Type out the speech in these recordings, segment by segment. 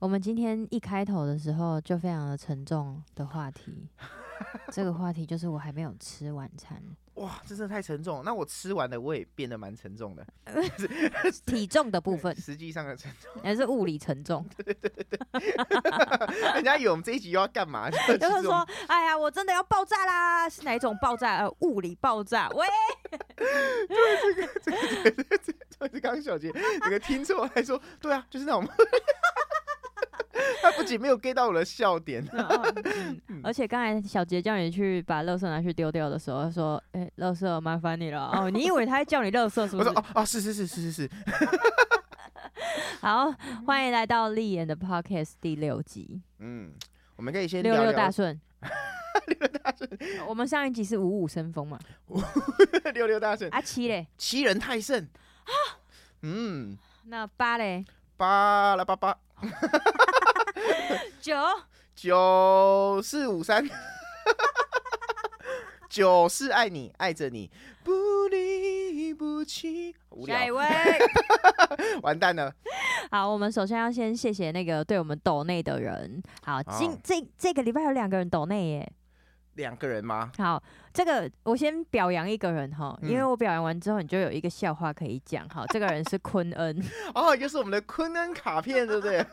我們今天一開頭的時候就非常的沉重的話題，這個話題就是我還沒有吃晚餐，哇，真的太沉重了。那我吃完了我也變得蠻沉重的，呃、 體重的部分，嗯、實際上的沉重，還是物理沉重。人家以為我們這一集又要幹嘛？就，就是說，哎呀，我真的要爆炸啦！是哪一種爆炸、呃？物理爆炸？喂，這個這個這個，剛才小姐，那個聽錯， 還說對啊，就是那種。 他不僅沒有 get 到我的笑點， 嗯哦嗯、而且剛才小杰叫你去把垃圾拿去丟掉的時候，他說：“哎、欸，垃圾我麻煩你了。”哦，你以為他是叫你垃圾是不是？我說哦：“哦，是是是是是是。”好，歡迎來到立言的 Podcast 第六集。嗯，我們可以先聊聊，六六大順，六六 大順。我們上一集是五五生風嘛？六六 大順。啊七嘞，欺人太甚、啊、嗯，那八嘞？八來八八。 九九四五三， 九四愛你愛着你，不離不棄下一位， 完蛋了。好，我們首先要先謝謝那個對我們抖內的人。好，哦、今這這個禮拜有兩個人抖內耶。兩個人嗎？好，這個我先表揚一個人哈，嗯、因為我表揚完之後你就有一個笑話可以講哈。這個人是昆恩， 哦，就是我們的昆恩卡片，對不對？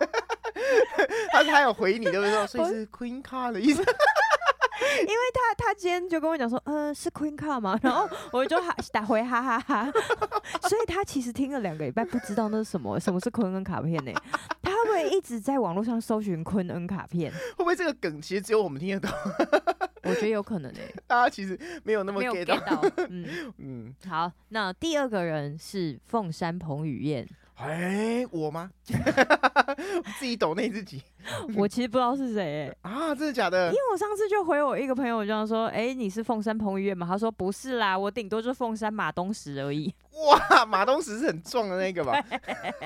他他有回你，對不對？所以是 Queen car 的意思。 因為他他今天就跟我講說，嗯，是 Queen car 嗎？然後我就哈 打回哈哈哈，哈， 所以他其實聽了兩個禮拜，不知道那是什麼， 什麼是昆恩卡片呢？欸？ 他會不會一直在網絡上搜尋昆恩卡片，會不會這個梗其實只有我們聽得懂？ 我覺得有可能誒、欸，大家、啊、其實沒有那麼 get 到。嗯嗯，嗯好，那第二個人是鳳山彭於晏。哎、欸，我嗎？ 我自己抖內自己。我其實不知道是誰、欸。啊，真的假的？因為我上次就回我一個朋友，就這樣說，哎、欸，你是鳳山彭於晏嗎？他說不是啦，我頂多就鳳山馬東石而已。 哇，馬東石是很壯的那個吧？對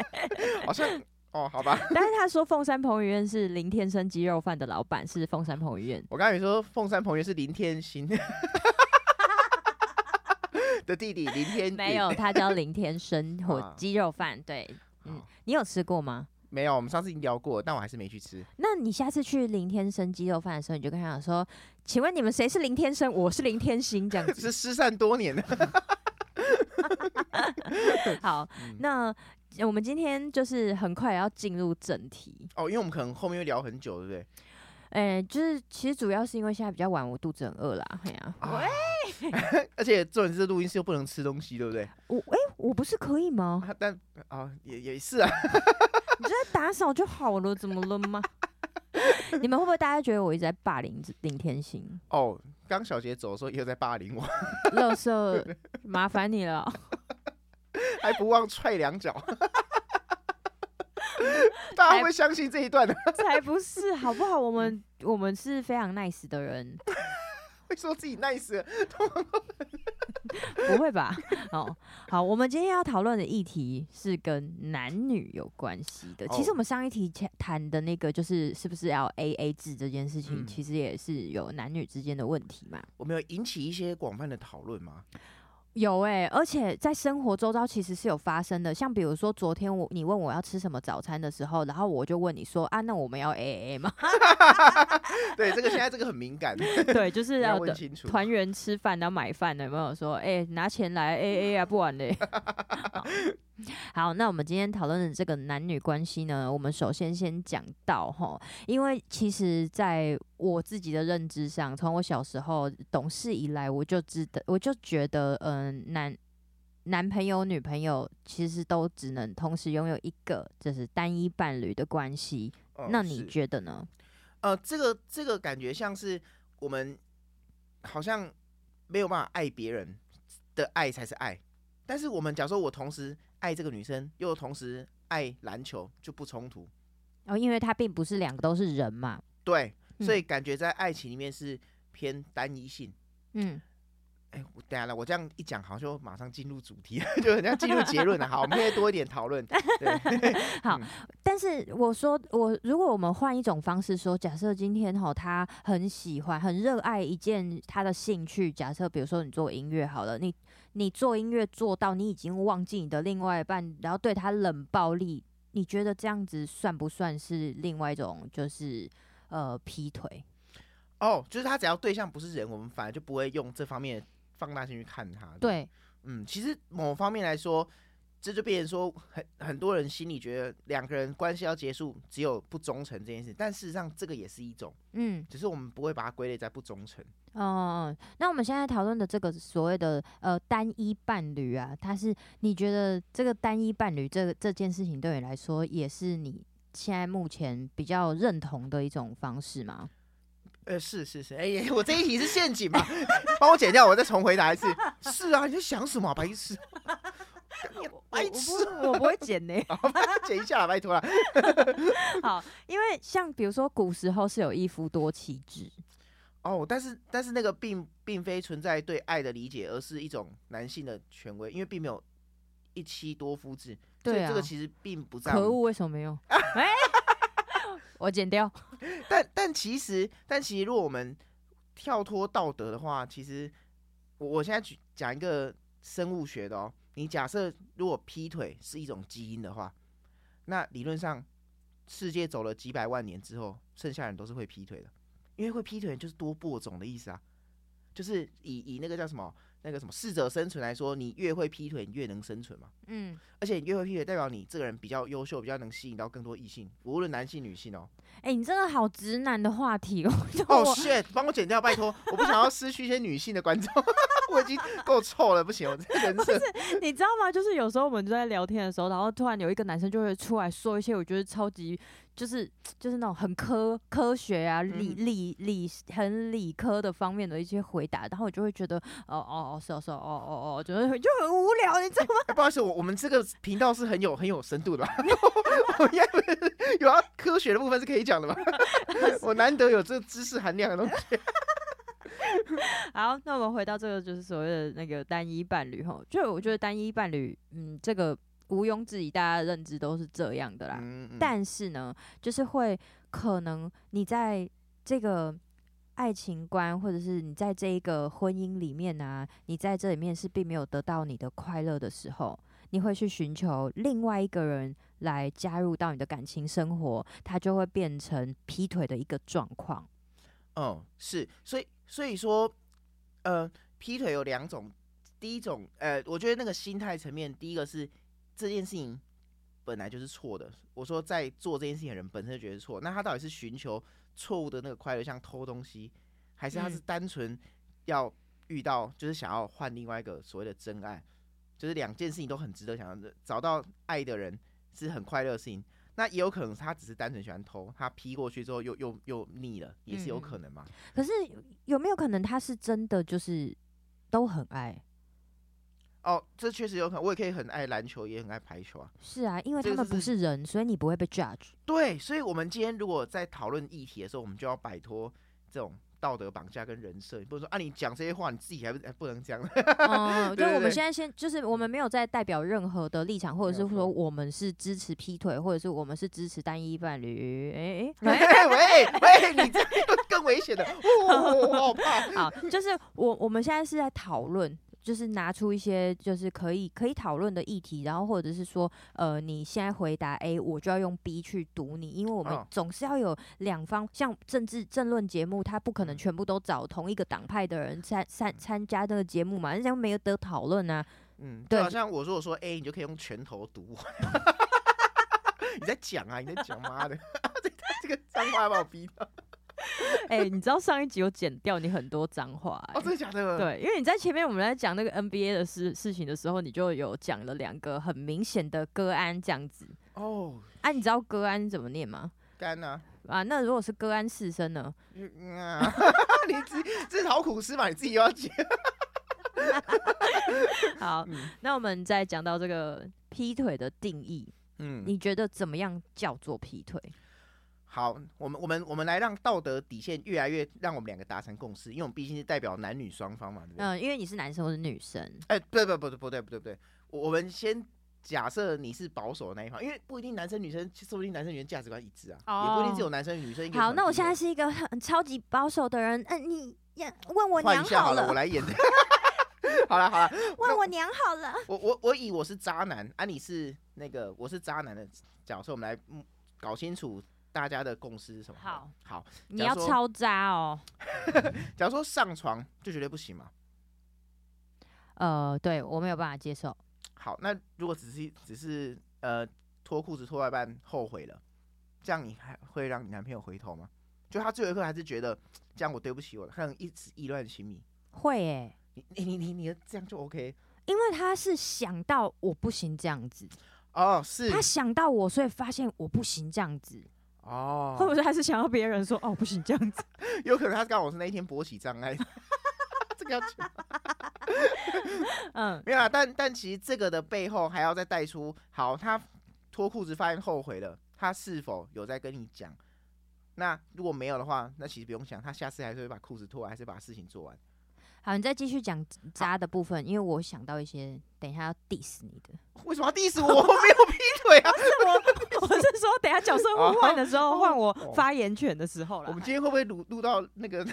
好像。哦，好吧。但是他說鳳山彭於晏是林天生雞肉飯的老闆，是鳳山彭於晏。我剛才說，鳳山彭於晏是林天心的弟弟，林天林沒有，他叫林天生火雞、啊、肉飯。對，嗯，好你有吃過嗎？沒有，我們上次已經聊過，但我還是沒去吃。那你下次去林天生雞肉飯的時候，你就跟他講說：“請問你們誰是林天生？我是林天心。”這樣子 是失散多年的。嗯、 好，嗯、那。我們今天就是很快也要進入正題哦，因為我們可能後面會聊很久，對不對？哎、欸，就是其實主要是因為現在比較晚，我肚子很餓啦。哎呀、啊，啊、餵，而且做你這錄音室又不能吃東西，對不對？我哎、欸，我不是可以嗎？但啊，但哦、也也是啊， 你就在打掃就好了，怎麼了嗎？ 你們會不會大家覺得我一直在霸凌林天行？哦，剛小杰走的時候，又在霸凌我，垃圾麻煩你了。 還不忘踹兩腳，大家會相信這一段呢、啊？才不是，好不好？我們我們是非常 nice 的人， 會說自己 nice 的， 不會吧？哦，好，我們今天要討論的議題是跟男女有關係的。其實我們上一題談的那個，就是是不是要 AA 制這件事情，嗯、其實也是有男女之間的問題嘛。我們有引起一些廣泛的討論嗎？有哎、欸，而且在生活周遭其實是有發生的，像比如說昨天我你問我要吃什麼早餐的時候，然後我就問你說啊，那我們要 A A 嗎？ 對，這個現在這個很敏感。 對，就是要問清楚，團圓吃飯，然後買飯的，有沒有說哎、欸，拿錢來 A A、 欸、啊，不玩嘞。 好，那我們今天討論的這個男女關係呢，我們首先先講到哈，因為其實在我自己的認知上，從我小時候懂事以來，我就知道，我就覺得，嗯、呃，男男朋友、女朋友其實都只能同時擁有一個，就是單一伴侶的關係。呃、那你覺得呢？呃，這個這個感覺像是我們好像沒有辦法愛別人的愛才是愛，但是我們假如說我同時。愛這個女生，又同時愛籃球，就不衝突。哦，因為她並不是兩個都是人嘛。對，嗯，所以感覺在愛情裡面是偏單一性。嗯。哎，欸、我等下啦，我這樣一講，好像就馬上進入主題了， 就很像進入結論了。 好，我們可以多一點討論。對 好，但是我說，我如果我們換一種方式說，假設今天哈、喔，他很喜歡、很熱愛一件他的興趣。假設比如說你做音樂好了，你你做音樂做到你已經忘記你的另外一半，然後對他冷暴力，你覺得這樣子算不算是另外一種就是呃劈腿？哦，就是他只要對象不是人，我們反而就不會用這方面，放大去看他。對，嗯，其實某方面來說，這就變成說很很多人心裡覺得兩個人關係要結束，只有不忠誠這件事。但事實上，這個也是一種，嗯，只是我們不會把它歸類在不忠誠。哦、嗯嗯，那我們現在討論的這個所謂的呃單一伴侶啊，他是你覺得這個單一伴侶這個這件事情對你來說，也是你現在目前比較認同的一種方式嗎？呃是是是，哎、欸欸，我這一題是陷阱嘛，幫 我剪掉，我再重回答一次。 是啊，你在想什麼白痴？白痴， 我不會剪呢，剪一下啦拜托了。 好，因為像比如說古時候是有一夫多妻制，哦，但是但是那個並並非存在對愛的理解，而是一種男性的權威，因為並沒有一妻多夫制，對啊、所以這個其實並不在。可惡，為什麼沒有？哎、欸。 我剪掉 但，但但其實，但其實，如果我們跳脫道德的話，其實我我現在講一個生物學的哦、喔，你假設如果劈腿是一種基因的話，那理論上世界走了幾百萬年之後，剩下人都是會劈腿的，因為會劈腿就是多播種的意思啊，就是以以那個叫什麼？那個什麼適者生存來說，你越會劈腿，你越能生存嘛。嗯，而且你越會劈腿，代表你這個人比較優秀，比較能吸引到更多異性，無論男性女性哦。誒、欸，你真的好直男的話題哦。哦、oh, 我 shit，幫我剪掉，拜托， 我不想要失去一些女性的觀眾。 我已經夠臭了， 不行，我這人設不是，你知道嗎？就是有時候我們就在聊天的時候，然後突然有一個男生就會出來說一些我覺得超級。就是就是那種很科科學啊，理理理很理科的方面的一些回答，然後我就會覺得哦哦哦，哦是是哦，哦哦哦，覺得就很無聊，你知道嗎？不好意思，我我們這個頻道是很有很有深度的，有要有科學的部分是可以講的吧？ 我難得有這個知識含量的東西 。 好，那我們回到這個，就是所謂的那個單一伴侶吼，就我覺得單一伴侶，嗯，這個。毋庸置疑，大家的認知都是這樣的啦。嗯嗯，但是呢，就是會可能你在這個愛情觀，或者是你在這一個婚姻裡面呢啊，你在這裡面是並沒有得到你的快樂的時候，你會去尋求另外一個人來加入到你的感情生活，它就會變成劈腿的一個狀況。嗯，是，所以所以說，呃，劈腿有兩種，第一種，呃，我覺得那個心態層面，第一個是。這件事情本來就是錯的。我說，在做這件事情的人本身就覺得是錯，那他到底是尋求錯誤的那個快樂，像偷東西，還是他是單純要遇到，就是想要換另外一個所謂的真愛？就是兩件事情都很值得，想要找到愛的人是很快樂的事情。那也有可能他只是單純喜歡偷，他劈過去之後又又又膩了，也是有可能嘛，嗯，可是有沒有可能他是真的就是都很愛？哦，這確實有可能。我也可以很愛籃球，也很愛排球啊。是啊，因為他們不是人，就是、所以你不會被 judge。對，所以，我們今天如果在討論議題的時候，我們就要擺脫這種道德綁架跟人設，不如說啊，你講這些話，你自己還，還不能講。哦，就我們現在先，就是我們沒有在代表任何的立場，或者是說我們是支持劈腿，或者是我們是支持單一伴侶。哎，喂喂，你這樣更危險的， 哦，哦，哦哦、好怕。啊，就是我我們現在是在討論。就是拿出一些就是可以可以討論的議題，然後或者是說，呃，你現在回答 A，、欸、我就要用 B 去堵你，因為我們總是要有兩方，像政治政論節目，他不可能全部都找同一個黨派的人參參參加這個節目嘛，人家沒有得討論啊。嗯，對，好像我如果說 A，、欸、你就可以用拳頭堵我。 你在講啊，你在講媽 媽的， 這個髒話把我逼到。哎、 欸，你知道上一集有剪掉你很多髒話、欸、哦，真的假的？對，因為你在前面我們來講那個 NBA 的事事情的時候，你就有講了兩個很明顯的“歌安”這樣子哦。哎、啊，你知道“歌安”怎麼念嗎？幹呢、啊？啊，那如果是“歌安四聲”呢？你自自討苦吃嘛，你自己又要剪。 好，嗯、那我們再講到這個劈腿的定義。嗯，你覺得怎麼樣叫做劈腿？好，我們我們我們來讓道德底線越來越讓我們兩個達成共識，因為我們畢竟是代表男女雙方嘛。嗯、呃，因為你是男生，我是女生？哎、欸，不不不對不，不，不，不對不對不對，我們先假設你是保守的那一方，因為不一定男生女生，說不定男生女生價值觀一致啊，哦、也不一定只有男生女生。好，那我現在是一個很超級保守的人。嗯、啊，你演一下好了，我我 問我娘好了，我來演。好了好了，問我娘好了。我我我以我是渣男，啊，你是那個我是渣男的角色，我們來搞清楚。大家的共識是什麼？好，好，你要超渣哦、喔。 假如說上床就絕對不行嗎？呃，對，我沒有辦法接受。好，那如果只是只是呃脫褲子脫外半後悔了，這樣你還會讓你男朋友回頭嗎？就他最後一刻還是覺得這樣我對不起我，可能一直意亂情迷。會誒、欸，你你你你這樣就 OK，因為他是想到我不行這樣子哦，是他想到我，所以發現我不行這樣子。哦，oh. 或者說還是想要別人說哦，不行這樣子。 有可能他剛好是那一天勃起障礙。 這個要 嗯，沒有啦。但但其實這個的背後還要再帶出，好，他脫褲子發現後悔了，他是否有在跟你講？那如果沒有的話，那其實不用想，他下次還是會把褲子脫完，還是把事情做完。好，你再繼續講渣的部分，好因為我想到一些，等一下要 diss 你的。為什麼要 diss 我？我沒有劈腿啊， 我是說，等下角色互換的時候，換我發言權的時候啦。我們今天會不會錄錄到那個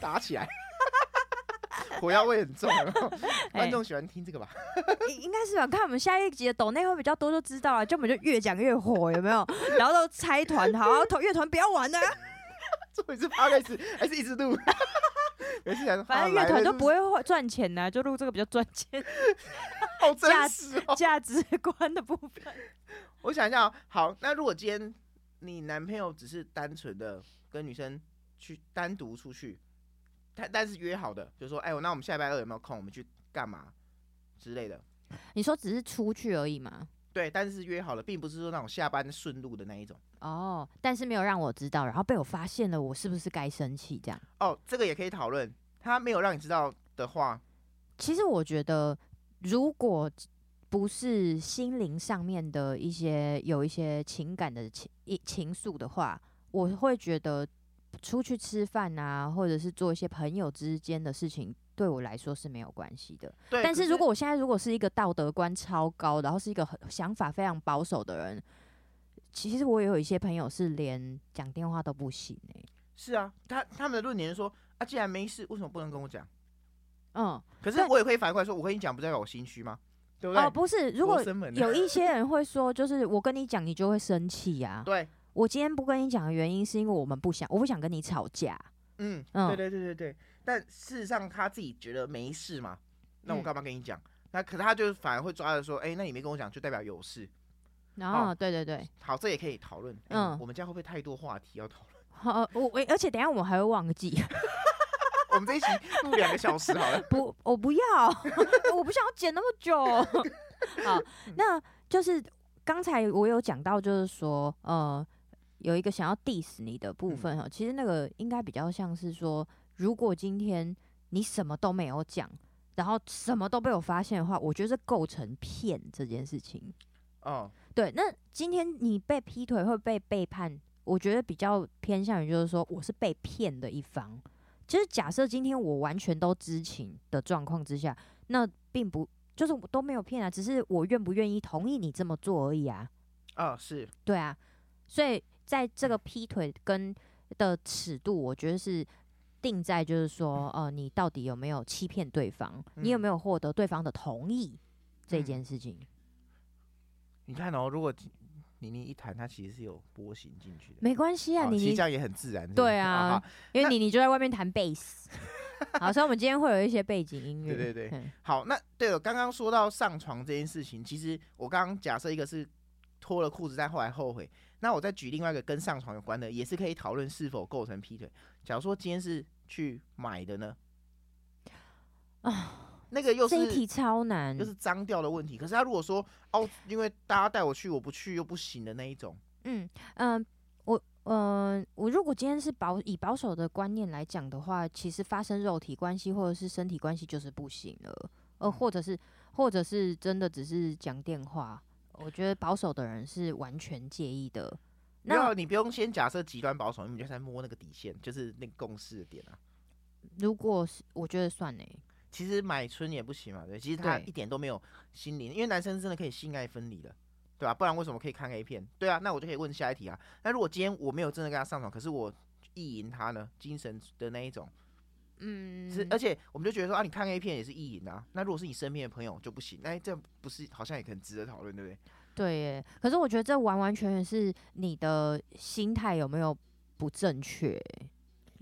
打起來？ 火藥味很重有沒有？觀眾喜歡聽這個吧？欸、應該是吧？看我們下一集的抖內會比較多就知道了。就我們就越講越火，有沒有？然後都拆團，好啊！樂團不要玩呢、啊。這一次八開始，還是一直錄？沒 反正樂團都不會賺錢呢，就錄這個比較賺錢。價值、哦、價值、真實、哦、價值觀的部分， 我想一下、哦。好，那如果今天你男朋友只是單純的跟女生去單獨出去，但但是約好的，就說：“哎、欸，我那我們下禮拜二有沒有空？我們去幹嘛之類的？”你說只是出去而已嘛？對，但是約好了，並不是說那種下班順路的那一種哦。但是沒有讓我知道，然後被我發現了，我是不是該生氣？這樣哦，這個也可以討論。他沒有讓你知道的話，其實我覺得。如果不是心靈上面的一些有一些情感的情一情愫的話，我會覺得出去吃飯啊，或者是做一些朋友之間的事情，對我來說是沒有關係的。對。但是如果是我現在如果是一個道德觀超高，然後是一個很想法非常保守的人，其實我也有一些朋友是連講電話都不行欸。是啊，他他們的論點是說啊，既然沒事，為什麼不能跟我講？嗯，可是我也可以反過來說，我跟你講，不代表我心虛嗎？哦，不是，如果有一些人會說，就是我跟你講，你就會生氣呀。對，我今天不跟你講的原因，是因為我們不想，我不想跟你吵架。嗯，對對對對對。但事實上，他自己覺得沒事嘛，那我幹嘛跟你講？那可是他就是反而會抓着說，哎，那你沒跟我講，就代表有事。然後，對對對，好，這也可以討論。嗯，我們家會不會太多話題要討論？好，我我而且等下我們還會忘記。我們在一起錄兩個小時好了。 不，我不要， 我不想要剪那麼久，喔。好，那就是剛才我有講到，就是說，呃，有一個想要 diss 你的部分哈，其實那個應該比較像是說，如果今天你什麼都沒有講，然後什麼都被我發現的話，我覺得是構成騙這件事情。哦，對，那今天你被劈腿會被背叛，我覺得比較偏向於就是說，我是被騙的一方。其實假設今天我完全都知情的狀況之下，那並不就是我都沒有騙啊，只是我願不願意同意你這麼做而已啊。啊、哦、是對啊，所以在這個劈腿跟的尺度，我覺得是定在就是說，嗯、呃，你到底有沒有欺騙對方，你有沒有獲得對方的同意、嗯、這件事情。你看哦，如果。妮妮一彈，它其實是有波形進去的，沒關係啊，哦、你這樣也很自然。對啊，啊因為妮妮那就在外面彈貝斯，好，所以我們今天會有一些背景音樂。對對對，嘿好，那對了，剛剛說到上床這件事情，其實我剛剛假設一個是脫了褲子，但後來後悔，那我再舉另外一個跟上床有關的，也是可以討論是否構成劈腿。假如說今天是去買的呢？啊。那個又是一題超難，就是髒掉的問題。可是他如果說哦，因為大家帶我去，我不去又不行的那一種。嗯嗯，呃、我嗯、呃、我如果今天是保以保守的觀念來講的話，其實發生肉體關係或者是身體關係就是不行了。呃，或者是、嗯、或者是真的只是講電話，我覺得保守的人是完全介意的。嗯、那你不用先假設極端保守，你就在摸那個底線，就是那個共識的點啊。如果是，我覺得算嘞、欸。其實買春也不行嘛，對，其實他一點都沒有心靈，對因為男生真的可以性愛分離的，對吧，對啊？不然為什麼可以看 A 片？對啊，那我就可以問下一題啊。那如果今天我沒有真的跟他上床，可是我意淫他呢，精神的那一種，嗯，是，而且我們就覺得說啊，你看 A 片也是意淫啊。那如果是你身邊的朋友就不行，那這不是好像也很值得討論，對不對？對耶，可是我覺得這完完全全是你的心態有沒有不正確。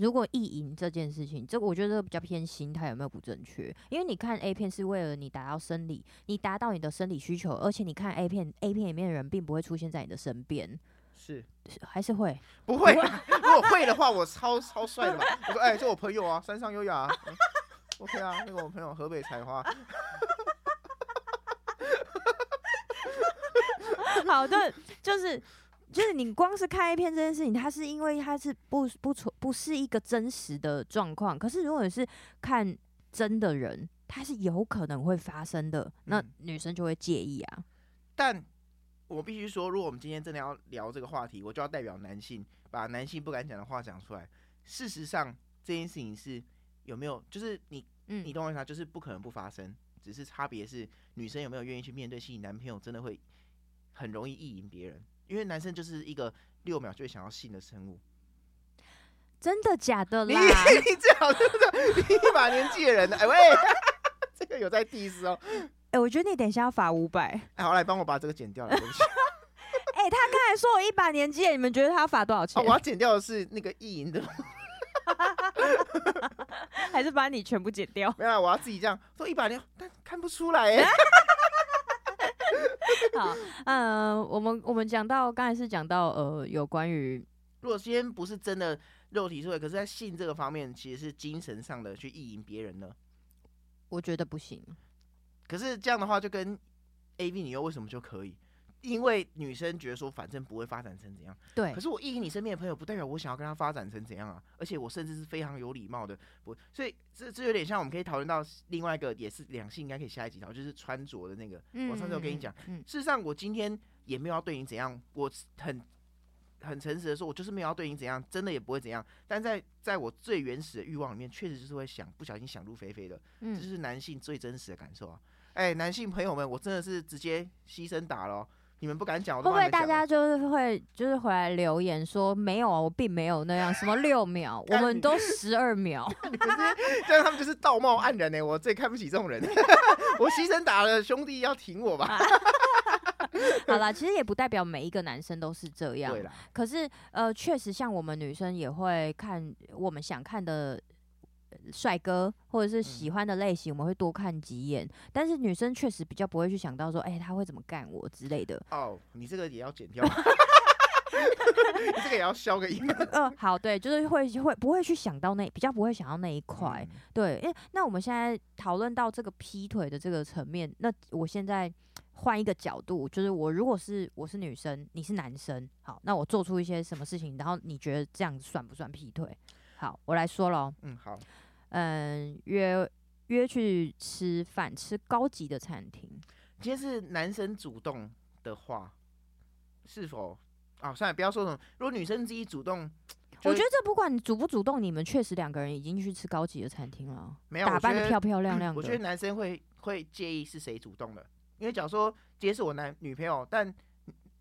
如果意淫這件事情，這個我覺得這比較偏心它有沒有不正確？因為你看 A 片是為了你達到生理，你達到你的生理需求，而且你看 A 片，A 片裡面的人並不會出現在你的身邊，是還是會不會、啊？ 如果會的話，我超超帥的，哎， 這、欸、我朋友啊，三上悠亞啊 ，OK 啊，那個我朋友河北彩花， 好的，就是。就是你光是看 A 片這件事情，它是因為它是不不不是一個真實的狀況。可是如果你是看真的人，它是有可能會發生的，那女生就會介意啊。嗯、但我必須說，如果我們今天真的要聊這個話題，我就要代表男性把男性不敢講的話講出來。事實上，這件事情是有沒有，就是你、嗯、你懂我意思啊？就是不可能不發生，只是差別是女生有沒有願意去面對。吸引男朋友真的會很容易意淫別人。因為男生就是一個六秒就會想要性的生物。真的假的？你你最好是不是？ 你一把年紀的人呢？哎喂，這個有在第一次哦。哎、欸，我覺得你等一下要罰五百。哎、欸，好來，來幫我把這個剪掉了東西。哎 欸，他剛才說我一把年紀，你們覺得他要罰多少錢、啊？我要剪掉的是那個意淫的， 還是把你全部剪掉？沒有，我要自己這樣說一把年，但看不出來耶、欸。啊好，嗯，我們我們講到，剛才是講到，呃，有關於，如果今天不是真的肉體出軌，可是在性這個方面，其實是精神上的去意淫別人呢，我覺得不行。可是這樣的話，就跟 A B，你又為什麼就可以？因為女生覺得說，反正不會發展成怎樣。對。可是我意淫你身邊的朋友不代表我想要跟他發展成怎樣啊！而且我甚至是非常有禮貌的，不，所以這這有點像我們可以討論到另外一個也是兩性應該可以下一集聊，就是穿着的那個。我、嗯、上次有跟你講，嗯、事實上我今天也沒有要對你怎樣，我很很誠實的說，我就是沒有要對你怎樣，真的也不會怎樣。但在在我最原始的慾望裡面，確實就是會想不小心想入非非的，嗯，這是男性最真實的感受啊！哎、欸，男性朋友們，我真的是直接犧牲打咯。你們不敢講，不，不會大家就是會就是回來留言說沒有啊，我並沒有那樣什麼六秒， 但你 我們都十二秒，這樣 他們就是道貌岸然呢、欸。我最看不起這種人， 我犧牲打了，兄弟要挺我吧。 好啦，其實也不代表每一個男生都是這樣，啦可是呃，確實像我們女生也會看我們想看的。帥哥，或者是喜歡的類型，嗯、我們會多看幾眼。但是女生確實比較不會去想到說，哎、欸，他會怎麼幹我之類的。哦，你這個也要剪掉，這個也要消個音。嗯，好，對，就是會會不會去想到那比較不會想到那一塊。嗯、對，因為那我們現在討論到這個劈腿的這個層面，那我現在換一個角度，就是我如果是我是女生，你是男生，好，那我做出一些什麼事情，然後你覺得這樣算不算劈腿？好，我來說嘍。嗯，好，嗯，約約去吃飯，吃高級的餐廳。今天是男生主動的話，是否啊？哦、算了，不要說什麼。如果女生自己主動，我覺得這不管主不主動，你們確實兩個人已經去吃高級的餐廳了，沒有打扮得漂漂亮亮的，我覺得、嗯。我覺得男生會會介意是誰主動的，因為假如說今天是我男女朋友，但。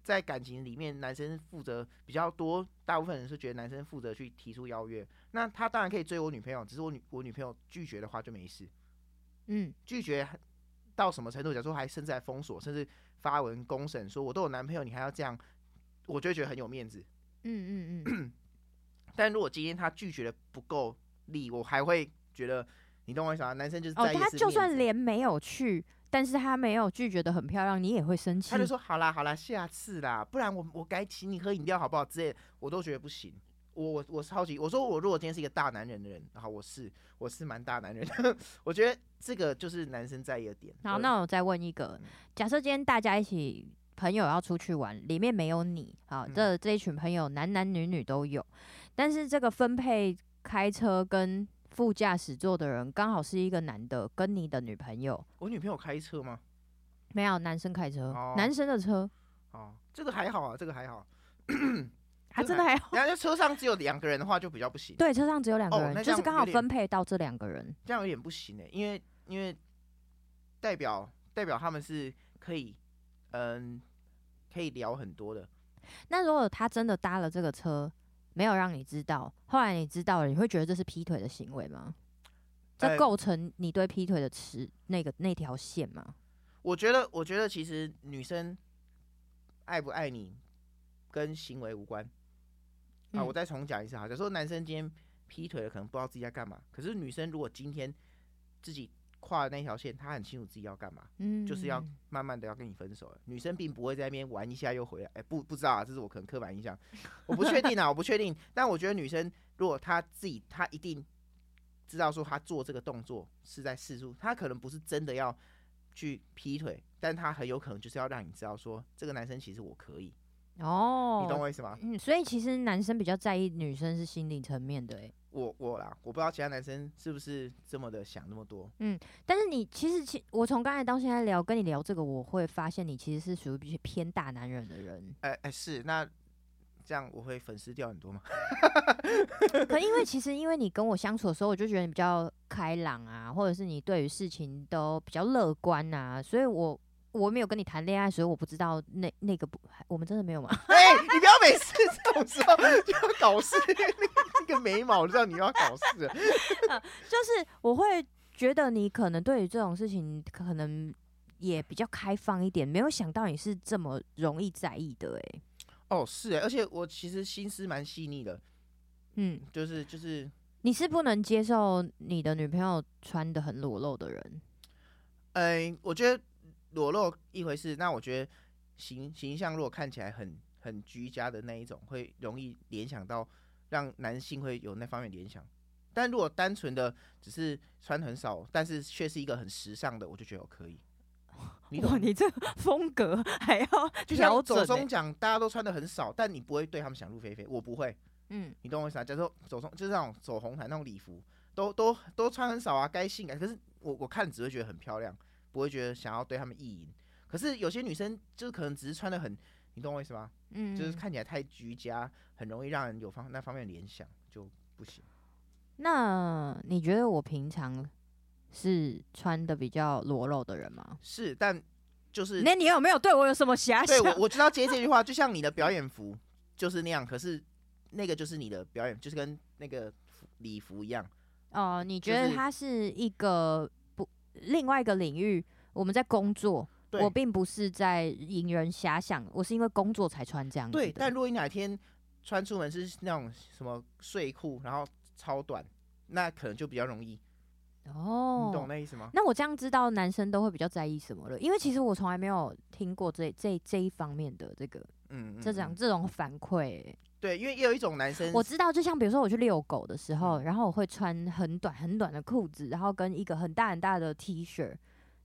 在感情裡面，男生負責比較多，大部分人是覺得男生負責去提出邀約。那他當然可以追我女朋友，只是我女我女朋友拒絕的話就沒事。嗯，拒絕到什麼程度？假如說還甚至還封鎖，甚至發文公審，說我都有男朋友，你還要這樣，我就會覺得很有面子。嗯嗯嗯。 但如果今天他拒絕的不夠力，我還會覺得你懂我意思嗎？男生就是，在意哦，他就算連沒有去。但是他沒有拒絕得很漂亮，你也會生氣。他就說：“好啦，好啦，下次啦，不然我我該請你喝飲料好不好？”之類，我都覺得不行。我我我是好奇，我說我如果今天是一個大男人的人，好，我是我是蠻大男人的， 我覺得這個就是男生在意的點。好，那我再問一個，假設今天大家一起朋友要出去玩，裡面沒有你，好，這、嗯、這一群朋友男男女女都有，但是這個分配開車跟。副駕駛座的人剛好是一個男的，跟你的女朋友。我女朋友開車嗎？沒有，男生開車，哦、男生的車。哦，這個還好啊，這個還好， 這個、還，還真的還好。那這車上只有兩個人的話，就比較不行。對，車上只有兩個人，哦、就是剛好分配到這兩個人，這樣有點不行呢、欸。因為因為代表代表他們是可以，嗯、呃，可以聊很多的。那如果他真的搭了這個車？沒有讓你知道，後來你知道了，你會覺得這是劈腿的行為嗎？這構成你對劈腿的、呃、那個那條線嗎？我覺得，我覺得其實女生愛不愛你跟行為無關。啊，嗯、我再重講一次，好，就說男生今天劈腿了，可能不知道自己在幹嘛。可是女生如果今天自己。跨那條線，他很清楚自己要幹嘛，嗯，就是要慢慢的要跟你分手了。女生並不會在那邊玩一下又回來，哎、欸，不不知道啊，這是我可能刻板印象，我不確定啊， 我不確定。但我覺得女生如果她自己，她一定知道說她做這個動作是在示弱，她可能不是真的要去劈腿，但他很有可能就是要讓你知道說這個男生其實我可以。哦，你懂我意思嗎？嗯，所以其實男生比較在意女生是心理層面的、欸。我我啦，我不知道其他男生是不是這麼的想那麼多。嗯，但是你其實其，我從剛才到現在聊跟你聊這個，我會發現你其實是屬於比較偏大男人的人。哎哎、欸欸，是那這樣我會粉絲掉很多嗎、？ 嗯？可因為其實因為你跟我相處的時候，我就覺得你比較開朗啊，或者是你對於事情都比較樂觀啊，所以我。我沒有跟你談戀愛，所以我不知道那那個不，我們真的沒有嗎？哎、欸，你不要每次讓我知道就要搞事，那 那個眉毛知道你要搞事。就是我會覺得你可能對於這種事情可能也比較開放一點，沒有想到你是這麼容易在意的、欸。哎，哦，是哎、欸，而且我其實心思蠻細膩的。嗯、就是，就是就是，你是不能接受你的女朋友穿得很裸露的人？哎、呃，我覺得。裸露一回事，那我覺得形形象，如果看起來很很居家的那一種，會容易聯想到讓男性會有那方面聯想。但如果單純的只是穿很少，但是卻是一個很時尚的，我就覺得我可以。你懂哇，你這風格還要、欸、就像我走鐘獎，大家都穿得很少，但你不會對他們想入非非，我不會。嗯，你懂我意思啊？假如說走鐘獎就是那種走紅毯那種禮服，都都都，都穿很少啊，該性感，可是我我看只會覺得很漂亮。不會覺得想要對他們意淫，可是有些女生就是可能只是穿得很，你懂我意思嗎？嗯，就是看起來太居家，很容易讓人有方那方面聯想就不行。那你覺得我平常是穿得比較裸露的人嗎？是，但就是，那你有沒有對我有什麼遐想？對，我我知道接這句話， 就像你的表演服就是那樣，可是那個就是你的表演，就是跟那個禮服一樣。哦、呃，你覺得他是一個？另外一個領域，我們在工作，對我並不是在引人遐想，我是因為工作才穿這樣子的。對，但如果你哪天穿出門是那種什麼睡褲，然後超短，那可能就比較容易哦。你懂那意思嗎？那我這樣知道男生都會比較在意什麼了，因為其實我從來沒有聽過這這這這一方面的這個嗯這嗯種嗯這種反饋欸。對，因為也有一種男生，我知道，就像比如說我去遛狗的時候，嗯、然後我會穿很短很短的褲子，然後跟一個很大很大的 T 恤，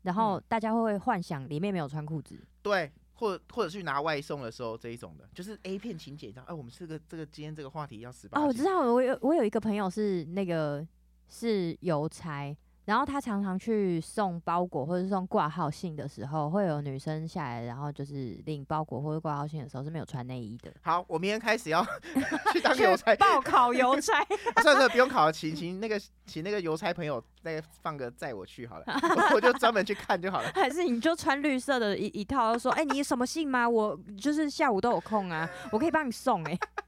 然後大家會會幻想裡面沒有穿褲子、嗯。對，或或者去拿外送的時候這一種的，就是 A 片請，請剪掉。哎，我們是個這個這個今天這個話題要死吧。哦，我知道，我有我有一個朋友是那個是郵差。然後他常常去送包裹或者是送掛號信的時候，會有女生下來，然後就是領包裹或者掛號信的時候是沒有穿內衣的。好，我明天開始要呵呵去當郵差，報考 郵差。算 了，啊，算了，不用考了，請請那個請那個郵差朋友再放個載我去好了， 我就專門去看就好了。 還是你就穿綠色的一一套，說哎，欸，你什麼信嗎？ 我就是下午都有空啊，我可以幫你送哎，欸。